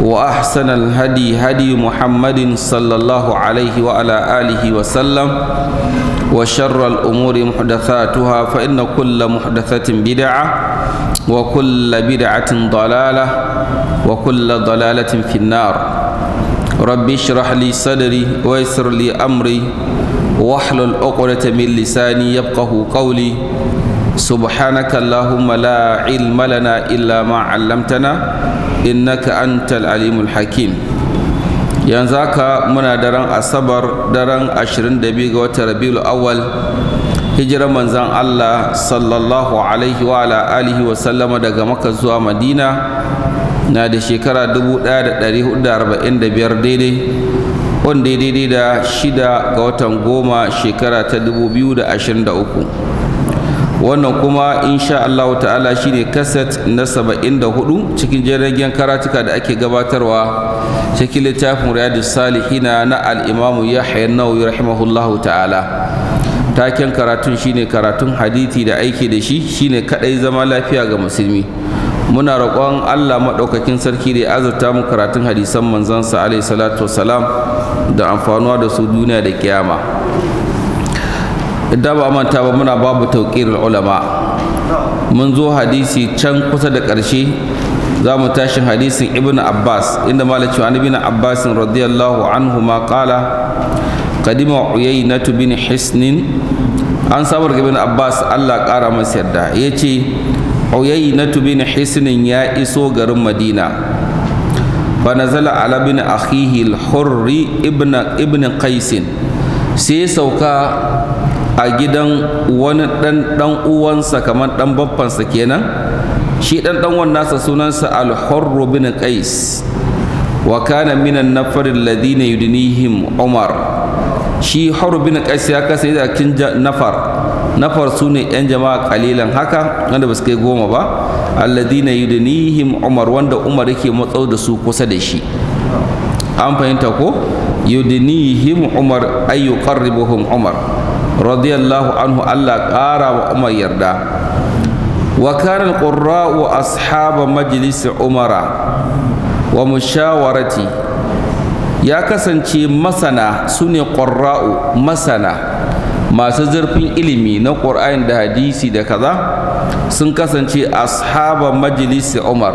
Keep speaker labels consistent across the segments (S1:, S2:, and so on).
S1: وأحسن الهدي هدي محمد صلى الله عليه وعلى آله وسلم وشر الأمور محدثاتها فإن كل محدثة بدعة وكل بدعة ضلالة وكل ضلالة في النار ربي اشرح لي صدري ويسر لي أمري واحلل عقدة من لساني يفقه قولي سبحانك اللهم لا علم لنا إلا ما علمتنا إنك أنت العليم الحكيم yanzu haka muna daren asabar daren 22 ga watan rabiul awwal hijirar manzan Allah sallallahu alaihi wa ala alihi wa sallama daga maka zuwa madina na da shekara 1445 daidai wanda daidai da shida ga watan goma shekara ta 2023 wannan kuma insha Allah ta'ala shine kaset na 74 cikin jiragen karatuka da ake gabatarwa cikin littafin riyadus salihina na al-imamu yahya an-nawawi rahimahullahu ta'ala taken karatun shine karatun hadithi da aiki da shi shine kadai zama lafiya ga musulmi muna roƙon Allah maɗaukakin sarki da ya azurta mu karatun hadisan manzansa alaihi salatu wasalam da amfanuwa da su duniya da kiyama da ba manta ba muna babu tauƙirar ulama mun zo hadisi can kusa da ƙarshe za mu tashi hadisin ibn abbas inda malaci an ibn abbas radiyallahu anhu ma kadima qadima na bin hisnin an samar ga ibn abbas Allah ƙara masa yarda yace na bin hisnin ya iso garin madina fa nazala ala bin akhihi al ibn ibn qais sai sauka a gidan wani ɗan ɗan uwansa kamar ɗan babbansa kenan shi ɗan ɗan nasa sunansa al-hurru bin kais wa kana minan farin ladina yudinihim umar shi horo bin kais ya kasa da kin nafar nafar su ne 'yan jama'a kalilan haka wanda ba su kai goma ba alladina yudinihim umar wanda umar yake matsau da su kusa da shi an fahimta ko yudinihim umar ay ribohun umar radiyallahu anhu Allah ƙara wa Umar yarda wa kana al-qurra ashab majlis umara wa mushawarati ya kasance masana sune qurra'u masana masu zurfin ilimi na Qur'ani da hadisi da kaza sun kasance ashaba majlis umar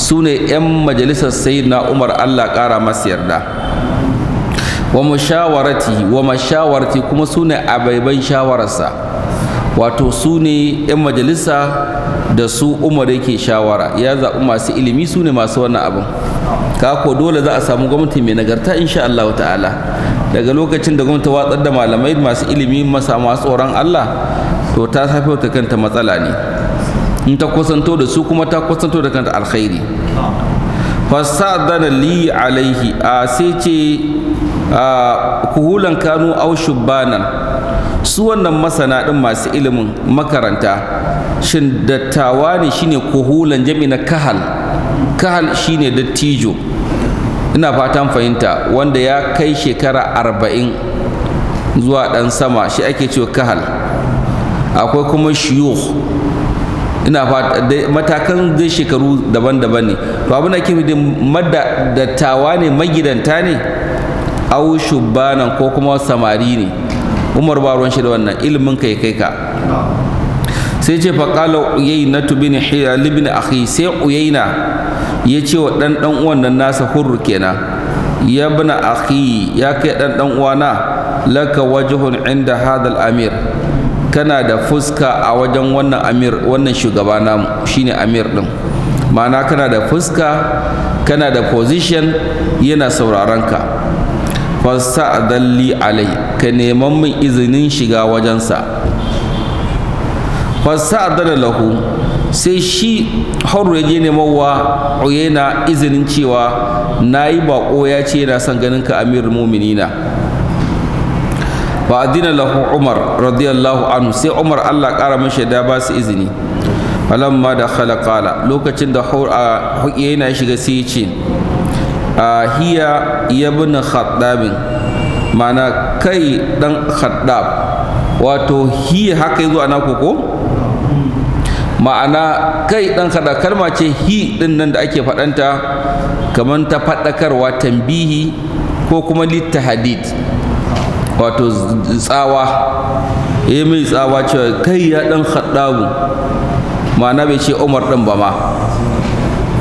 S1: sune yan majalisar sayyidina Umar Allah ƙara masa yarda wa mashawarati wa mashawarati kuma su ne abaiban shawararsa wato su ne 'yan majalisa da su umar yake shawara ya zaɓi masu ilimi su ne masu wannan abin ka ko dole za a samu gwamnati mai nagarta insha Allah ta'ala daga lokacin da gwamnati watsar da malamai masu ilimi masa masu tsoron Allah to ta safe ta kanta matsala ne in ta kusanto da su kuma ta kusanto da kanta alkhairi fasadana li alaihi a sai ce kuhulan kanu au shubbanan su wannan masana din masu ilimin makaranta shin dattawa ne shine kuhulan jami na kahal kahal shine dattijo ina fatan fahimta wanda ya kai shekara arba'in zuwa dan sama shi ake cewa kahal akwai kuma shiyuh ina matakan zai shekaru daban-daban ne to abin da ke da dattawa ne magidanta ne au shubbanan ko kuma samari ne umar ba ruwan shi da wannan ilimin kai kai ka sai ce fa qala uyayna bin hilal ibn akhi sai uyayna ya ce wa dan dan uwan nan nasa hurru kenan ya ibn akhi ya kai dan dan uwana laka wajhun inda hadal amir kana da fuska a wajen wannan amir wannan shugaba namu shine amir din ma'ana kana da fuska kana da position yana sauraron ka dalli alai ka neman min izinin shiga wajensa dalla lahu sai shi hauru ya je neman wa uyena izinin cewa na yi bako ya ce yana son ganin ka amir mu'minina a adina lahu umar radiyallahu anhu sai umar Allah kara mashi da ba su izini falamma da khala kala lokacin da haur a yana shiga sai ce hiya ibn khaddabin mana kai dan khaddab wato hi haka yazo ana koko ma'ana kai dan kada kalma ce hi din nan da ake faɗanta kamar ta faɗakarwa tambihi ko kuma littahadid wato tsawa ya eh, mai tsawa ce kai ya dan khaddabu ma'ana bai ce umar din ba ma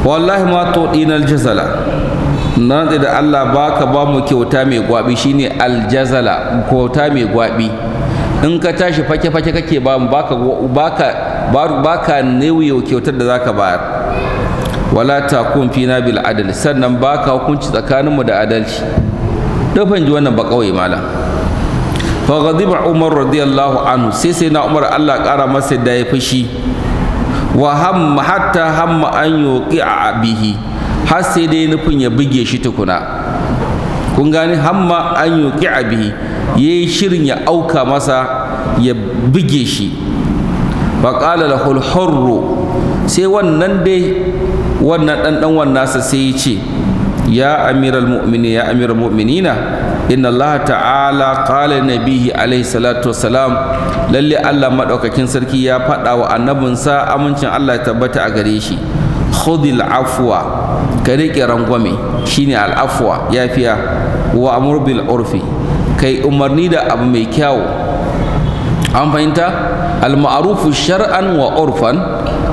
S1: wallahi ma to dinal jazala nan da Allah baka ba mu kyauta mai gwabi shine aljazala kyauta mai gwabi in ka tashi fake fake kake ba mu baka baka baka kyautar da zaka bayar wala takun fina bil adl sannan baka hukunci tsakanin mu da adalci dafan ji wannan ba kawai malam fa ghadiba umar radiyallahu anhu sai sai na umar Allah kara masa da ya fushi wa hamma hatta hamma an yuqi'a bihi har sai dai nufin ya buge shi tukuna kun gani hamma an yuqi bihi yi shirin ya auka masa ya buge shi faƙala da hulhurru sai wannan dai wannan ɗanɗan wannasa sai ya ce ya amiral mu'mini ya amiral mu'minina inna allah ta'ala qala nabihi alaihi salatu wassalam lalle allah maɗaukakin sarki ya faɗa wa annabinsa amincin allah ya tabbata a gare shi khudil afwa ka riƙe rangwame shine al'afwa yafiya wa amur bil urfi kai umarni da abu mai kyawu an fahimta al ma'rufu shar'an wa urfan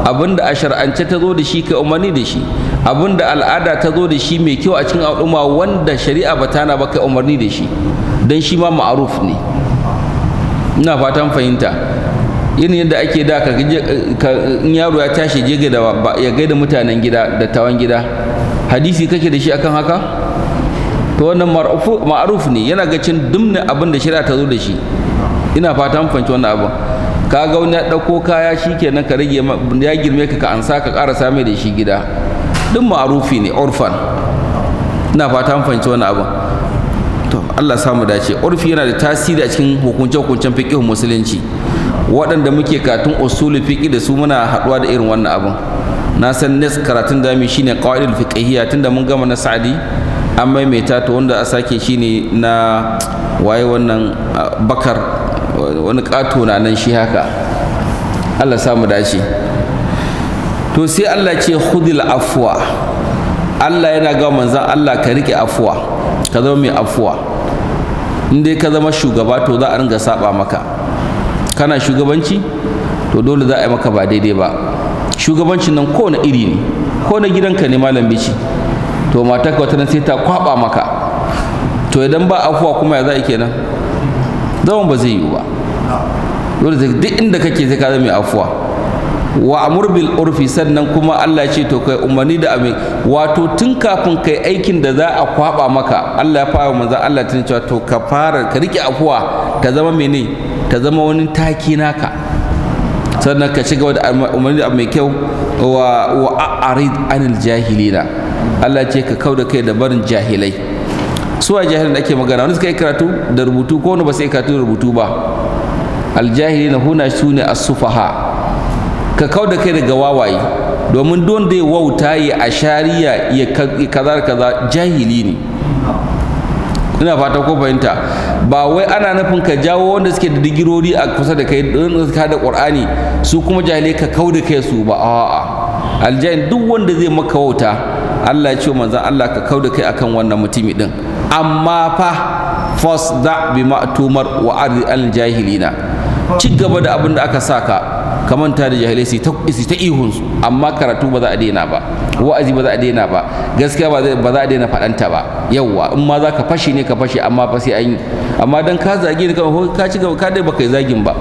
S1: abinda a shar'ance ta zo da shi kai umarni da shi abinda al'ada ta zo da shi mai kyau a cikin al'umma wanda shari'a ba tana ba kai umarni da shi dan shi ma ma'ruf ne ina fatan fahimta yin yadda ake da ka in yaro ya tashi je da ya gaida mutanen gida da tawan gida hadisi kake da shi akan haka to wannan ma'ruf ne yana ga cin dumne abin da shari'a ta zo da shi ina fata mun fahimci wannan abin ka ga wani ya dauko kaya shikenan ka rage ya girme ka ka ansa ka ƙarasa mai da shi gida duk ma'arufi ne orfan ina fata mun fahimci wannan abin to Allah samu dace urfi yana da tasiri a cikin hukunce-hukuncen fiqh musulunci waɗanda muke katun usulul fiqi da su muna haɗuwa da irin wannan abun na san nes karatun da mu shine qawaidul fiqhiyya tunda mun gama na sa'adi an maimaita ta wanda a sake shine na waye wannan bakar wani kato na nan shi haka Allah samu dace to sai Allah ce khudil afwa Allah yana ga manzon Allah ka rike afwa ka zama mai afwa in dai ka zama shugaba to za a ringa saba maka kana shugabanci to dole za a yi maka ba daidai ba shugabancin nan ko na iri ne ko na gidanka ne malam bici to mata ka wataran sai ta kwaba maka to idan ba afuwa kuma ya za a kenan zaman ba zai yiwu ba dole duk inda kake sai ka zama mai afuwa wa amur bil urfi sannan kuma Allah ya ce to kai umarni da amin wato tun kafin kai aikin da za a kwaba maka Allah ya fara manzo Allah tun cewa to ka fara ka rike afuwa ka zama mene ta zama wani taki naka sannan ka shiga wani umarni abu mai kyau wa wa a'rid anil jahilina Allah ce ka kauda kai da barin jahilai su a jahilin da ake magana wani suka yi karatu da rubutu ko wani ba sai karatu da rubutu ba aljahilina huna sune as-sufaha ka kauda kai daga wawaye domin don da ya wauta ya ashariya ya kaza kaza jahili ne ina fata ko fahimta ba wai ana nufin ka jawo wanda suke da digirori a kusa da kai don ka da qur'ani su kuma jahilai ka kau da kai su ba a'a aljain duk wanda zai maka wauta Allah ya ce manzon Allah ka kau da kai akan wannan mutumi din amma fa fasda bi ma'tumar wa ardi al jahilina ci gaba da abin da aka saka ka manta da jahilai su ta ihun su amma karatu ba za a daina ba wa'azi ba za a daina ba gaskiya ba za a daina faɗanta ba yawwa in ma za ka fashe ne ka fashe amma fa sai an yi amma dan ka zage ni ka ci gaba ka dai baka yi zagin ba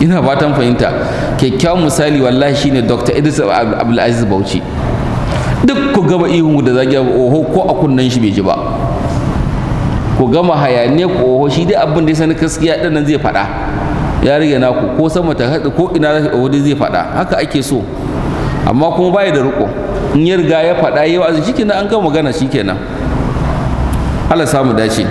S1: ina fatan fahimta kyakkyawan misali wallahi shine dr idris abdulaziz bauchi duk ku gama ihun da zage oho ko a kunnen shi bai ji ba ku gama hayaniya ko oho shi dai abin da ya sani gaskiya ɗin nan zai faɗa ya rage naku ko sama ta haɗu ko ina wani zai faɗa haka ake so amma kuma baya da riko in ya riga ya faɗa yi wa'azi shikenan an gama magana shikenan Allah samu dace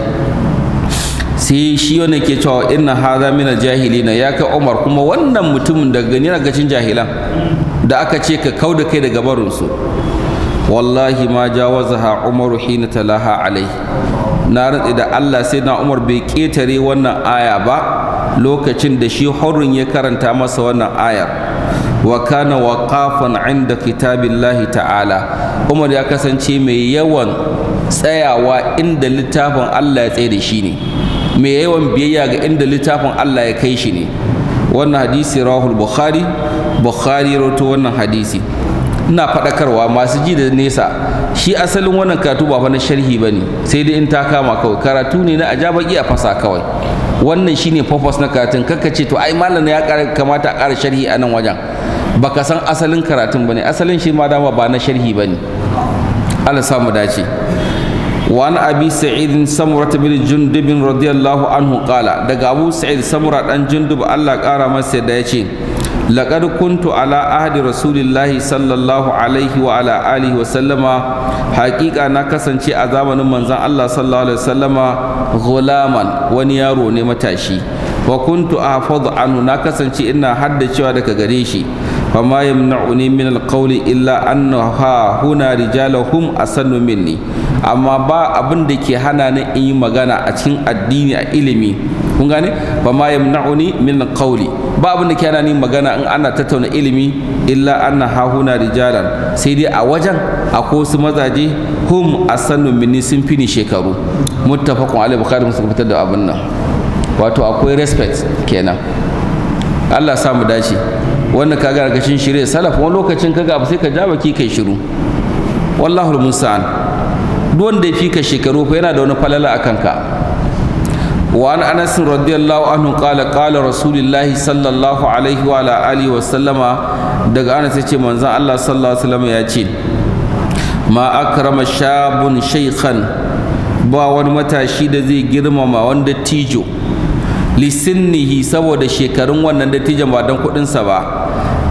S1: sai shi wannan ke cewa inna hadha min jahilina ya kai Umar kuma wannan mutumin da gani na gacin jahilan da aka ce ka kau da kai daga barinsu. wallahi ma jawazaha Umar hina talaha alai na rantsi da Allah sai na Umar bai ketare wannan aya ba lokacin da shi hurrin ya karanta masa wannan ayar wa kana waqafan inda kitabillahi ta'ala Umar ya kasance mai yawan tsayawa inda littafin Allah ya tsaye da shi ne mai yawan biyayya ga inda littafin Allah ya kai shi ne wannan hadisi rahul bukhari bukhari rawato wannan hadisi ina faɗakarwa masu ji da nesa shi asalin wannan karatu ba na sharhi ba ne sai dai in ta kama kawai karatu ne na aja baki a fasa kawai wannan shine purpose na karatun kanka ce to ai malam ya kamata a ƙara sharhi a nan wajen baka san asalin karatun ba ne asalin shi ma dama ba na sharhi ba ne Allah samu dace وعن أبي سعيد سمرة بن جندب رضي الله عنه قال دقابو سعيد سمرة أن جندب الله قال ما سيدايشين laqad kuntu ala ahdi rasulillahi sallallahu alaihi wa alihi wa sallama haƙiƙa na kasance a zamanin manzon Allah sallallahu alaihi sallama ghulaman wani yaro ne matashi wa kuntu ahfadhu anhu na kasance ina haddacewa daga gare shi وما يمنعني من القول إلا أن ها هنا رجالهم أسن مني أما با أبن دكي هنا نئي مغانا أتين ba ma da ke hana ni magana in ana tattauna ilimi illa anna hahuna rijalan sai dai a wajen akwai wasu mazaje hum asannu minni sun fi ni shekaru muttafaqun alaihi bukhari musulmi da abin nan wato akwai respect kenan Allah sa mu dace wannan kaga karkashin shirya salaf wani lokacin kaga abu sai ka ja baki kai shiru wallahu musa'an duk wanda ya fika shekaru fa yana da wani falala a kanka wa an anas radiyallahu anhu qala qala rasulullah sallallahu alaihi wa ala alihi wa sallama daga anas yace manzon Allah sallallahu alaihi wasallam ya ce ma akrama shabun shaykhan ba wani matashi da zai girmama wanda tijo lisinnihi saboda shekarun wannan dattijan ba don kuɗinsa ba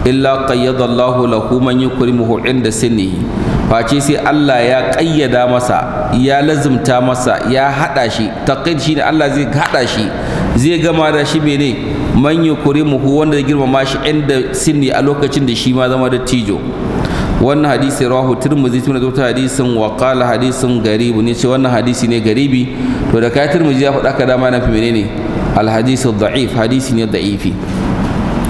S1: illa qayyadallahu lahu man yukrimuhu inda sinnihi face sai Allah ya qayyada masa ya lazimta masa ya hada shi taqid ne Allah zai hada shi zai gama da shi mene man yukrimuhu wanda ya girmama shi inda sinni a lokacin da shi ma zama da tijo wannan hadisi rawahu tirmidhi tun da ta hadisin wa qala hadisin garibu ne ce wannan hadisi ne garibi to da ka tirmidhi ya faɗa ka dama na fi menene al hadisi da'if hadisi ne da'ifi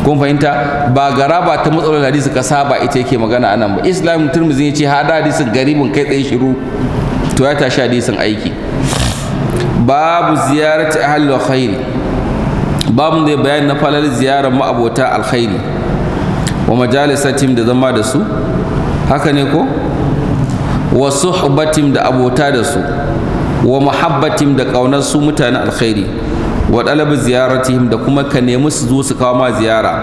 S1: kun fahimta ba ba ta matsalar hadisi ka saba ita yake magana anan ba islam turmizi ya ce hada hadisin garibin kai tsaye shiru to ya tashi hadisin aiki babu ziyarati ahli alkhairi babu da bayani na falal ziyarar ma'abota alkhairi wa majalisatim da zama da su haka ne ko wa suhbatim da abota da su wa muhabbatim da kaunar su mutanen alkhairi wa ɗalabi ziyaratihim da kuma ka nemi su zo su kawo ma ziyara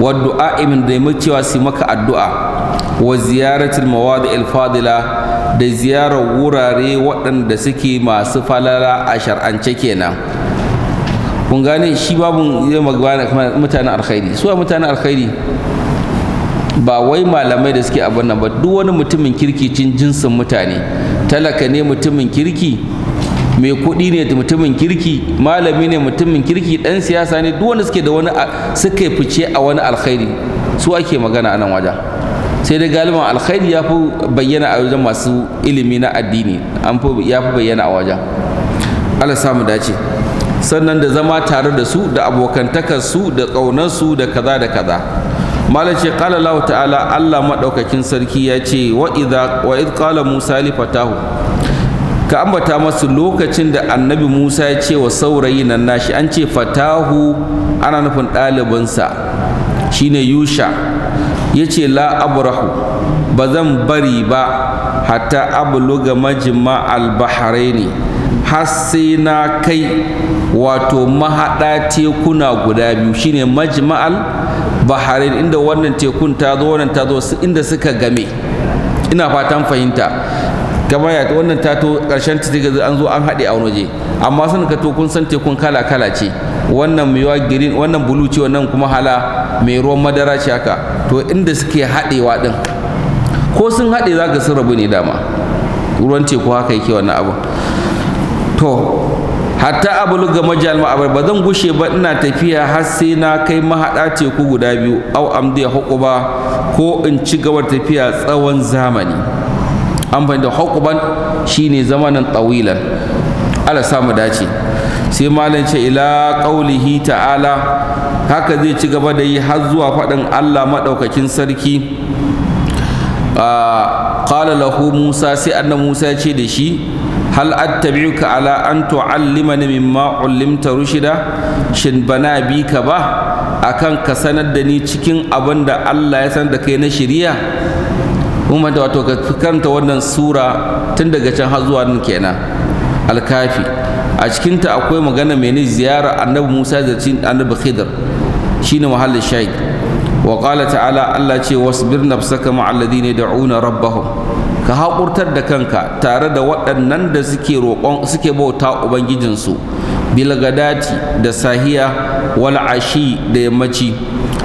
S1: wa du'a da nemi cewa su maka addu'a wa ziyaratil mawadi alfadila da ziyarar wurare waɗanda suke masu falala a shar'ance kenan kun gane shi babu zai magana mutanen alkhairi suwa mutanen alkhairi ba wai malamai da suke abin nan ba duk wani mutumin kirki cin jinsin mutane talaka ne mutumin kirki mai kuɗi ne mutumin kirki malami ne mutumin kirki ɗan siyasa ne duk wanda suke da wani suka fice a wani alkhairi su ake magana a nan wajen sai dai galiban alkhairi ya fi bayyana a wajen masu ilimi na addini an ya fi bayyana a wajen Allah samu dace sannan da zama tare da su da abokantakarsu da ƙaunarsu da kaza da kaza malam ce qala Allah ta'ala Allah madaukakin sarki ya ce wa idza wa id qala Musa li fatahu ka ambata masu lokacin da annabi musa ya ce wa saurayi nan nashi an ce fatahu ana nufin ɗalibinsa shine yusha ya ce la abrahu ba zan bari ba hatta abluga majima albahraini har sai na kai wato mahaɗa tekuna guda biyu shine majma'al bahrain inda wannan tekun ta zo wannan ta zo inda suka game ina fatan fahimta kamar ya wannan ta to ƙarshen ta an zo an haɗe a wani waje amma sun ka to kun san tekun kala kala ce wannan mai green wannan blue ce wannan kuma hala mai ruwan madara ce haka to inda suke haɗewa ɗin ko sun haɗe za ka sun rabu ne dama ruwan teku haka yake wannan abu to hatta abulga majal ma'abar ba zan gushe ba ina tafiya har sai na kai mahaɗa teku guda biyu au amdiya hukuba ko in ci gabar tafiya tsawon zamani an fahimta hukuban shine zamanin tsawilan ala samu dace sai malam ce ila qaulihi ta'ala haka zai ci gaba da yi har zuwa faɗin Allah maɗaukakin sarki ah, qala lahu Musa sai annabi Musa ya ce da shi hal attabi'uka ala an tu'allimani mimma ullimta rushida shin bana bi ka ba akan ka sanar da ni cikin abin da Allah ya san da kai na shiriya kuma da wato ka karanta wannan sura tun daga can har zuwa nan kenan alkafi a cikinta akwai magana mai ziyara annabi musa da cin annabi khidr shine mahallin shahid wa qala ta'ala Allah ce wasbir nafsaka ma alladhina yad'una rabbahum ka haƙurtar da kanka tare da waɗannan da suke roƙon suke bauta ubangijinsu bilgadati da sahiya wal ashi da yammaci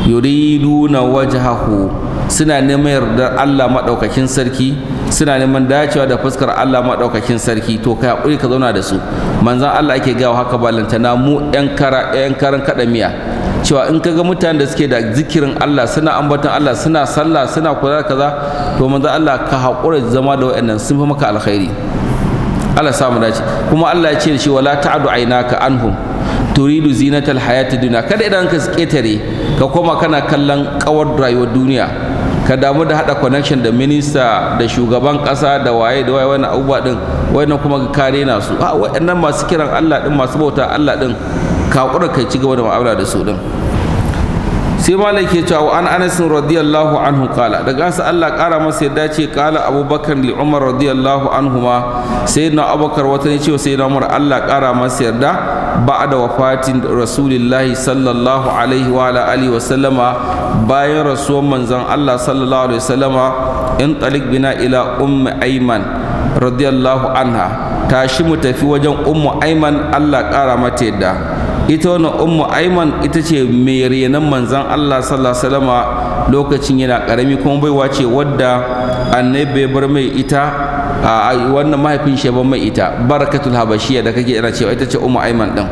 S1: yuriduna wajhahu suna neman yardar Allah maɗaukakin sarki suna neman dacewa da fuskar Allah maɗaukakin sarki to ka haƙuri ka zauna da su manzan Allah ake gawa haka balantana mu 'yan karan kaɗa miya cewa in ka ga mutanen da suke da zikirin Allah suna ambaton Allah suna sallah suna kula kaza to manzan Allah ka haƙura zama da waɗannan sun fi maka alkhairi Allah samu dace kuma Allah ya ce shi wala ta'du ainaka anhum turidu zinatal hayati dunya kada idan ka ƙetare ka koma kana kallon kawar rayuwar duniya ka damu da hada connection da minista da shugaban kasa da waye da waye wani abubuwa din wannan kuma kare na su a waɗannan masu kiran Allah din masu bauta Allah din ka kai ci gaba da mu'amala da su din sai malai ke cewa an anas radiyallahu anhu kala daga sa Allah kara masa yadda ce kala abubakar li umar radiyallahu anhu ma na abubakar wata ne cewa na umar Allah kara masa yarda da wafatin rasulillahi sallallahu alaihi wa ala alihi wa sallama bayan rasuwan manzon Allah sallallahu alaihi wa sallama in talik bina ila umma ayman radiyallahu anha tashi mu tafi wajen ummu ayman Allah kara mata yadda ita wannan ummu aiman ita ce mai renon manzan Allah sallallahu alaihi lokacin yana karami kuma baiwa ce wadda annabi bar mai ita a wannan mahaifin shi bar mai ita barakatul habashiya da kake ina cewa ita ce ummu aiman din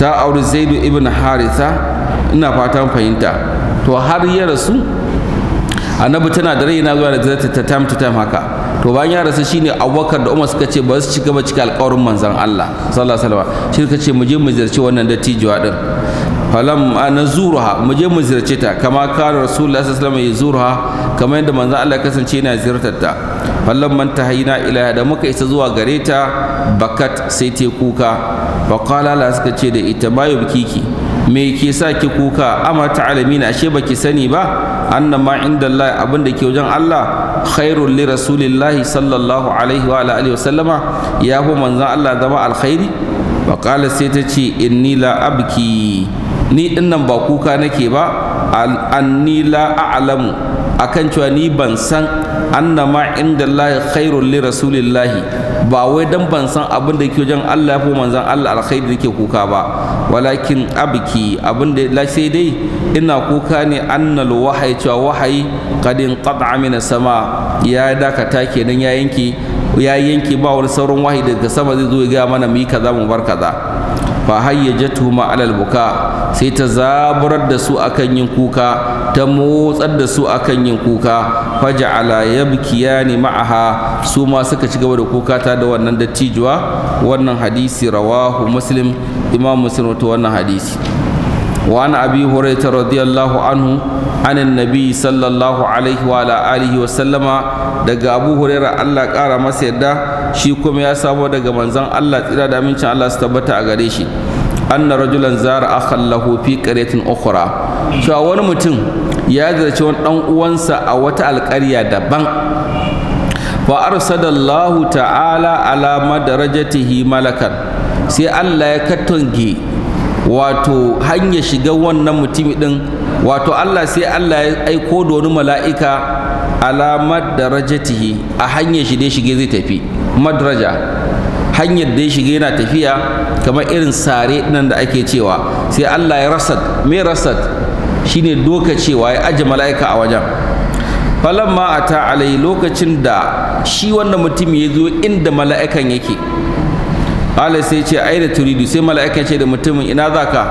S1: ta auri zaidu ibn haritha ina fatan fahimta to har ya rasu annabi tana da raina zuwa da ta time to time haka to bayan ya rasu shine abubakar da umar suka ce ba su ci gaba cika alƙawarin manzon allah sallallahu alaihi wasallam shi suka ce mu je mu ziyarci wannan dattijuwa din falam zuruha mu je mu ziyarci ta kama kana rasulullahi sallallahu alaihi wasallam zuruha kamar yadda manzon allah kasance yana ziyartar ta falam man tahina ila da muka isa zuwa gare ta bakat sai ta kuka fa qala la suka ce da ita bayu kiki me ke sa ki kuka amma ta'alamina ashe baki sani ba anna ma inda Allah abin da ke wajen Allah khairul li rasulillahi sallallahu alaihi wa alihi wa sallama ya fi manzon Allah zama alkhairi wa qala sai ta ce inni la abki ni dinnan ba kuka nake ba anni la a'lamu akan cewa ni ban san annama inda Allah khairul li rasulillah ba wai dan ban san abin da yake wajen Allah ya fi manzon Allah alkhairi yake kuka ba walakin abki abin da sai dai ina kuka ne annal wahayi cewa wahayi kadin qad'a min sama ya dakata kenan ya yanke ya yanke ba wani sauran wahayi daga sama zai zo ya ga mana mu yi kaza mu bar kaza fa ma alal buka sai ta zaburar da su akan yin kuka ta motsar da su akan yin kuka faja'ala yabkiyani ma'aha su ma suka ci gaba da kuka ta da wannan dattijuwa wannan hadisi rawahu muslim imam muslim wannan hadisi وعن أبي هريرة رضي الله عنه عن النبي صلى الله عليه وعلى آله وسلم دقى أبو هريرة الله قال مسيدا شيكم يا سابو دقى منزان الله تلا دامنش الله استبتا أغريشي أن رجلا زار أخا له في قرية أخرى شو أول متن يا جرشون أن أوانسا أوتا القرية دبان فأرسل الله تعالى على مدرجته ملكا سي الله يكتنجي wato hanyar shiga wannan mutum din wato Allah sai Allah ya aiko da wani mala'ika alamar darajatihi a hanyar shi dai shige zai tafi madraja hanyar da ya shiga yana tafiya kamar irin sare nan da ake cewa sai Allah ya rasad me rasad shine cewa ya aje mala'ika a wajen falamma ata alai lokacin da shi wannan mutum ya zo inda mala'ikan yake qala sai ce ai da turidu sai mala'ika ce da mutumin ina zaka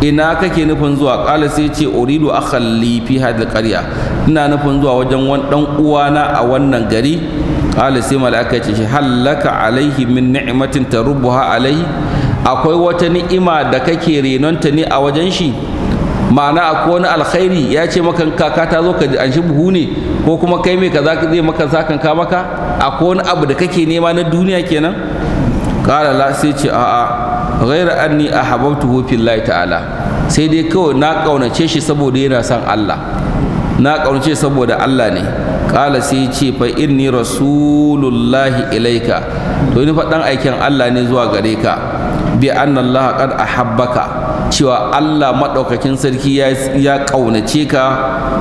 S1: ina kake nufin zuwa qala sai ce uridu akhalli fi hadhihi alqarya ina nufin zuwa wajen wani dan uwana a wannan gari qala sai mala'ika ce shi hallaka alaihi min ni'matin tarubbuha alaihi akwai wata ni'ima da kake renonta ne a wajen shi ma'ana akwai wani alkhairi ya ce maka kaka ta zo ka an shi buhu ne ko kuma kai mai kaza zai maka sakan ka maka akwai wani abu da kake nema na duniya kenan kala la sai ce a'a ghaira anni ahabbtuhu fillahi ta'ala sai dai kawai na kaunace shi saboda yana son Allah na kaunace saboda Allah ne kala sai ce fa inni rasulullahi ilaika to ni fa dan aikin Allah ne zuwa gare ka bi anna Allah qad ahabbaka cewa Allah maɗaukakin sarki ya ƙaunace ka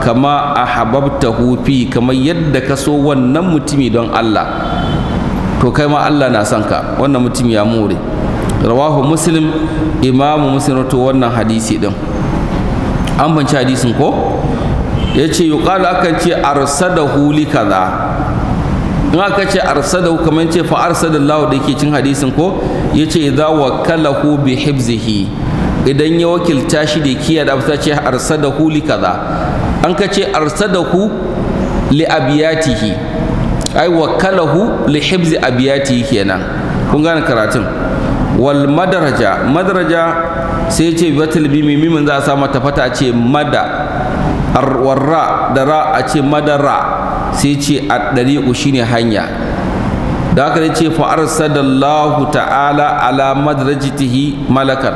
S1: kama a ta hufi kamar yadda ka so wannan mutumi don Allah to kai ma Allah na son ka wannan mutum ya more rawahu muslim imamu muslim to wannan hadisi din an banci hadisin ko ya ce yuqalu akan ce arsadahu li kaza in aka ce arsada kamar ce fa arsadallahu da yake cin hadisin ko yace idza wakalahu bi hibzihi idan ya wakilta shi da kiya da ta ce arsadahu li kaza an ka ce hu li abiyatihi ai wakalahu li hibzi abiyati kenan kun gane karatun wal madaraja madaraja sai ce bi bimi mimin za a sa mata fata a ce mada warra da ra a ce madara sai ce a ɗari shine hanya da haka ce fa arsadallahu ta'ala ala madrajatihi malakan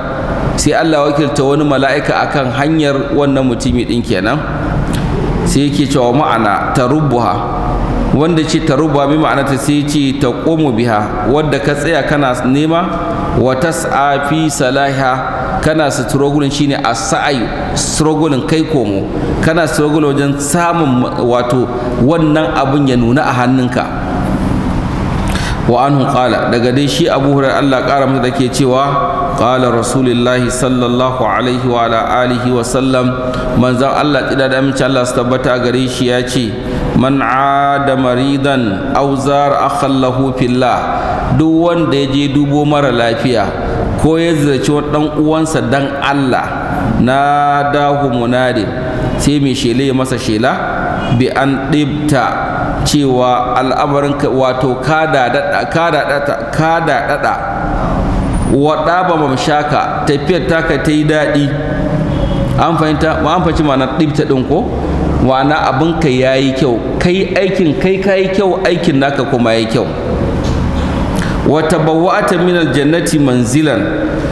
S1: sai Allah wakilta wani mala'ika a kan hanyar wannan mutumi din kenan sai yake cewa ma'ana tarubuha wanda ce ta ruba bi ma'ana ta sai ce ta ƙomo biha wadda ka tsaya kana nema wa tas'a fi salaha kana shi shine a sa'ayi struggle kai komo kana struggle wajen samun wato wannan abun ya nuna a hannunka wa anhu qala daga dai shi Abu Hurairah Allah ƙara masa dake cewa qala rasulullahi sallallahu alaihi wa ala alihi wa sallam manzon Allah tsida da amince Allah su tabbata gare shi ya ce man ada maridan aw zar akhan fillah duk wanda ya je dubo mara lafiya ko ya zirci wani dan uwansa dan Allah na dahu munadi sai mai shela ya masa shela bi an dibta cewa al'amarin wato kada dada kada dada kada dada wada ba mamshaka tafiyar taka ta yi daɗi an fahimta ba an fahimci ma'anar dibta din ko wana abinka ya yi kyau kai aikin kai ka yi kyau aikin naka kuma ya yi kyau wata bawa'ata min aljannati manzilan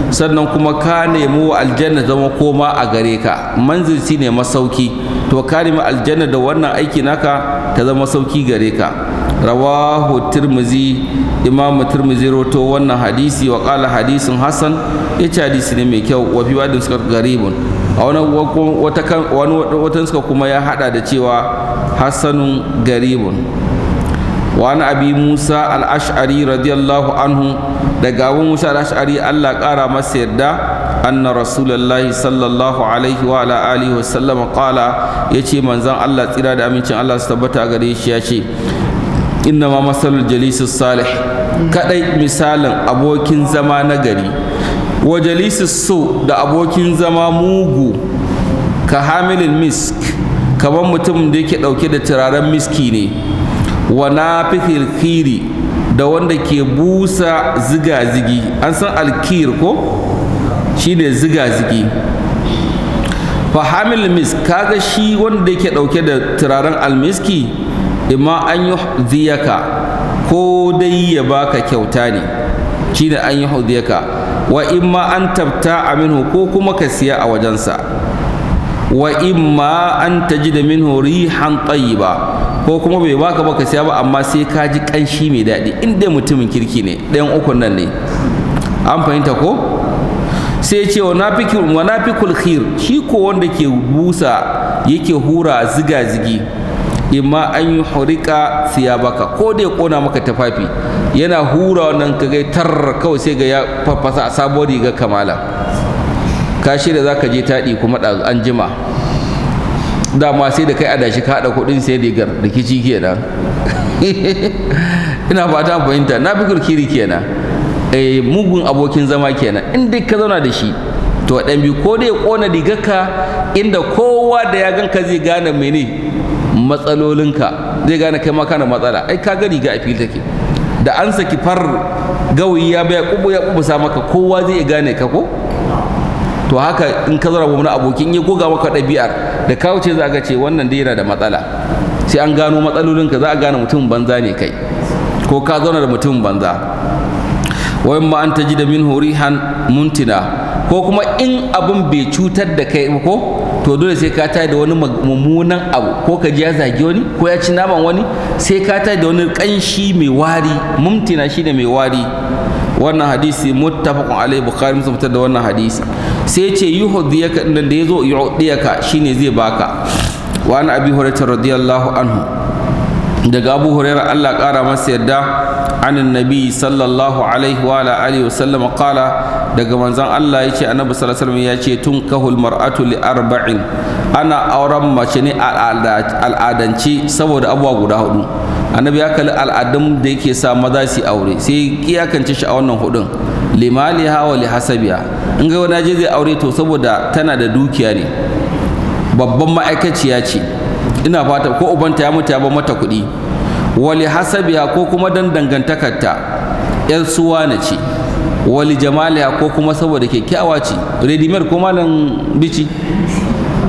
S1: sannan kuma ka nemi wa aljanna zama koma a gare ka manzilci ne masauki to ka nemi aljanna da wannan aiki naka ta zama sauki gare ka rawahu tirmizi imam tirmizi roto wannan hadisi wa qala hadisin hasan yace hadisi ne mai kyau wa fi wadin suka garibun a wani wata wani watan suka kuma ya hada da cewa hasanun garibun wa an abi musa al-ash'ari radiyallahu anhu daga abun musa al-ash'ari Allah kara masa yarda anna rasulullahi sallallahu alaihi wa ala alihi wa sallam qala yace manzon Allah tsira da amincin Allah su tabbata gare shi ya ce. inna ma masalul jalisus salih kadai misalin abokin zama na gari wa jalisus so da abokin zama mugu ka hamilin misk kamar mutum da yake dauke da turaren miski ne wa na khiri da wanda ke busa ziga-zigi an san alkir ko shine ziga-zigi fa hamil misk kaga shi wanda yake dauke da turaren almiski imma an yi ziyaka ko dai ya baka kyauta ne shi ne an yi ziyaka wa imma an tabta minhu ko kuma ka siya a wajensa wa imma an ta ji da minhu rihan tayyiba ko kuma bai baka baka siya ba amma sai ka ji kanshi mai daɗi inda mutumin kirki ne ɗayan ukun nan ne an fahimta ko sai ce wa nafikul khir shi ko wanda ke busa yake hura ziga zigi imma an yi hurika baka ko da ya kona maka tafafi yana hura wannan kaga tar kawai sai ga ya fafasa a sabuwar riga kamala ka shirya za je taɗi kuma da an jima dama sai da kai adashi ka haɗa kuɗin sai rigar rikici kenan ina fata fahimta na fi kirkiri kenan eh mugun abokin zama kenan in dai ka zauna da shi to dan biyu ko dai ya rigar rigarka inda kowa da ya ganka zai gane mene matsalolinka zai gane kai ma kana matsala ai ka gani ga afil take da an saki far gawayi ya baya kubu ya sa maka kowa zai iya gane ka ko to haka in ka zara wani abokin ya goga maka ɗabi'ar da ka wuce za ga ce wannan dai yana da matsala sai an gano matsalolinka za a gane mutum banza ne kai ko ka zauna da mutum banza wa ma an ji da min horihan muntina ko kuma in abin bai cutar da kai ko to dole sai ka tayi da wani mummunan abu ko ka ji ya zage wani ko ya ci naman wani sai ka tayi da wani kanshi mai wari mumtina shi da mai wari wannan hadisi muttafaqun alai bukhari musu fitar da wannan hadisi sai ce yuhdiyaka din da yazo yuhdiyaka shine zai baka wa an abi hurairah radiyallahu anhu daga abu hurairah Allah kara masa yadda عن النبي صلى الله عليه وعلى آله وسلم قال daga manzon Allah yace annabi sallallahu alaihi wasallam yace arba'in ana auren mace ne al'adanci saboda abuwa guda hudu annabi ya kalli al'adun da yake sa maza su aure sai kiyakance shi a wannan hudun limaliha wa li hasabiha in ga wani je zai aure to saboda tana da dukiya ne babban ma'aikaciya ce ina fata ko ubanta ya mutu ya bar mata kuɗi wali hasabiya ko kuma dan dangantakarta yan suwa na ce wali jamaliya ko kuma saboda kyakkyawa ce redimer ko malam bici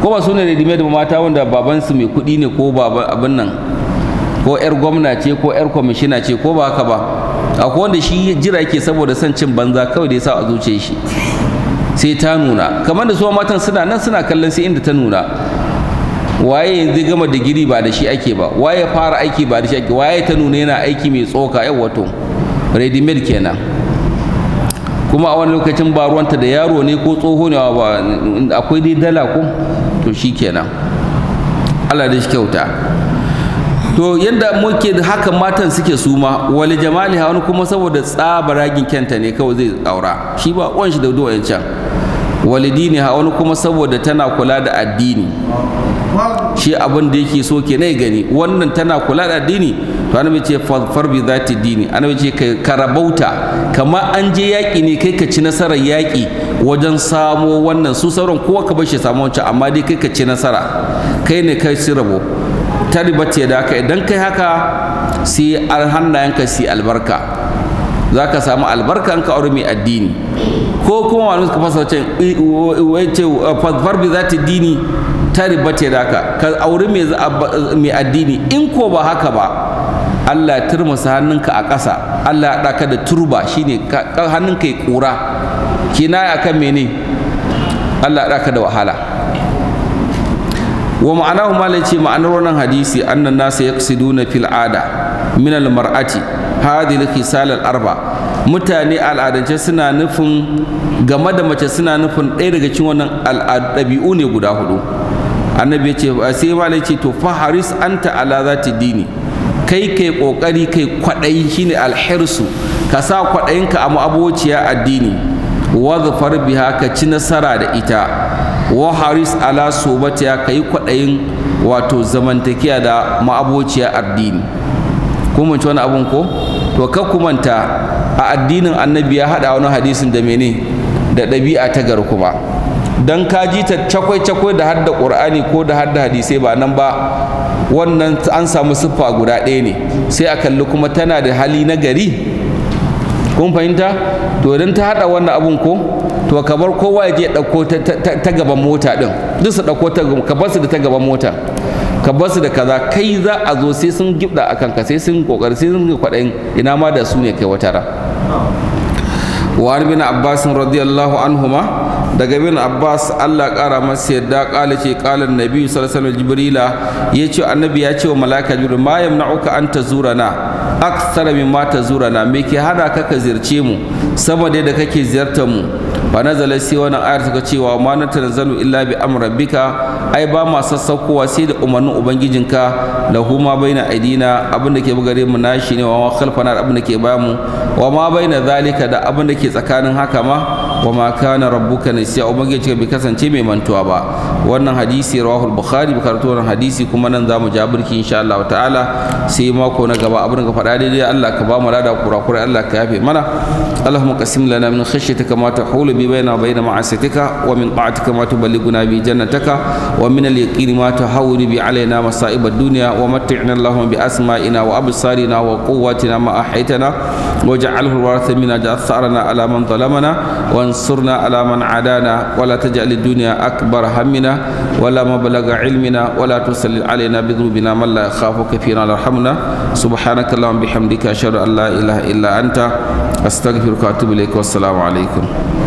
S1: ko ba su ne redimer da mata wanda babansu mai kuɗi ne ko ba abin nan ko yar gwamna ce ko yar kwamishina ce ko ba haka ba akwai wanda shi jira yake saboda son cin banza kawai da ya sa a zuce shi sai ta nuna kamar da su matan suna nan suna kallon sai inda ta nuna waye yanzu gama digiri ba da shi ake ba waye fara aiki ba da shi ake waye ta nuna yana aiki mai tsoka yau wato ready made kenan kuma a wani lokacin ba ruwanta da yaro ne ko tsoho ne ba akwai dai dala ko to shi kenan Allah da shi kyauta to yadda muke haka matan suke suma wali jamali wani kuma saboda tsabaragin kyanta ne kawai zai aura shi ba kwanshi da wayancan can walidini ha wani kuma saboda tana kula da addini shi abin da yake so ke nai gani wannan tana kula da addini to annabi ce far bi zati dini annabi ce kai karabauta kama an je yaƙi ne kai ka ci nasarar yaki wajen samo wannan su sauran kowa ka bar shi samu wancan amma dai kai ka ci nasara kai ne kai si rabo ta da haka idan kai haka sai hannayenka si albarka za ka samu albarka ka aure mai addini ko kuma wani suka fasa wacce wacce eh, farfar bi ta dini ta ribace daka ka aure mai addini in ko ba haka ba Allah ya turmusa hannunka a ƙasa Allah ya ɗaka da turba shine hannunka ya ƙura kina kan mene Allah ya ɗaka da wahala wa ma'anahu malai ce ma'anar wannan hadisi annan nasu yaqsiduna fil ada min al mar'ati hadil khisal al arba mutane al'adance suna nufin game da mace suna nufin ɗaya daga cikin wannan ɗabi'u ne guda hudu annabi ce sai malai ce to fa haris anta ala zati dini kai kai kokari kai kwadayi shine alhirsu ka sa ka a ma'abociya addini wazfar biha ka ci nasara da ita wa haris ala sobatiya kai kwadayin wato zamantakiya da ma'abociya addini ko mun ci wani abun ko to kar ku manta a addinin annabi ya hada wani hadisin da mene da ɗabi'a ta garkuma dan ka ji ta cakwai cakwai da hadda qur'ani ko da hadda hadisai ba nan ba wannan an samu siffa guda ɗaya ne sai a kalli kuma tana da hali na gari kun fahimta to idan ta haɗa wannan abun ko to kamar kowa ya je ɗauko ta gaban mota ɗin duk su ɗauko ta gaban su da ta gaban mota ka bar da kaza kai za a zo sai sun gibda a ka sai sun kokari sai sun kwaɗayin ina ma da su ne kai wata ra wa bin abbas radiyallahu anhuma daga bin abbas allah kara masa yadda kala ce kalan nabi sallallahu alaihi jibrila ya ce annabi ya ce wa malaka jibril ma yamna'uka an tazurana aksara ma tazurana me ke hada ka ka ziyarce mu sama da kake ziyartar mu fa nazala sai wannan ayar suka cewa ma natanzalu illa bi rabbika ai ba ma sassakowa sai da umarnin ubangijinka da ma baina aidina abin da ke gare mu nashi ne wa ma khalfana abin da ke mu wa ma baina zalika da abin da ke tsakanin haka ma wa ma kana rabbuka nasiya ubangijinka bai kasance mai mantuwa ba wannan hadisi rawahul bukhari bukaratu wannan hadisi kuma nan zamu ja birki insha Allah ta'ala sai mako na gaba abin ka faɗa daidai Allah ka ba mu lada kurakura Allah ka yafe mana Allahumma qasim lana min khashyatika ma tahulu bi baina bayna ma'asiyatika wa min ta'atika ma tuballighuna bi jannataka wa min al-yaqini ma tahawwinu bi alaina masa'ib ad-dunya wa mat'ina Allahumma bi asma'ina wa absarina wa quwwatina ma ahaytana waj'alhu al-waritha minna ja'al tha'rana ala man zalamana wansurna ala man adana wa la taj'al ad-dunya akbar hamina. علينا ولا مبلغ علمنا ولا تسلل علينا بذنوبنا من لا يخافك فينا ولا يرحمنا سبحانك اللهم بحمدك أشهد أن لا إله إلا أنت أستغفرك وأتوب إليك والسلام عليكم